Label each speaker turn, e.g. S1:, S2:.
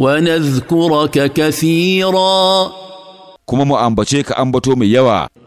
S1: ونذكرك كثيرا كما مؤمبتك أمبتو ميوا